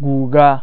谷歌。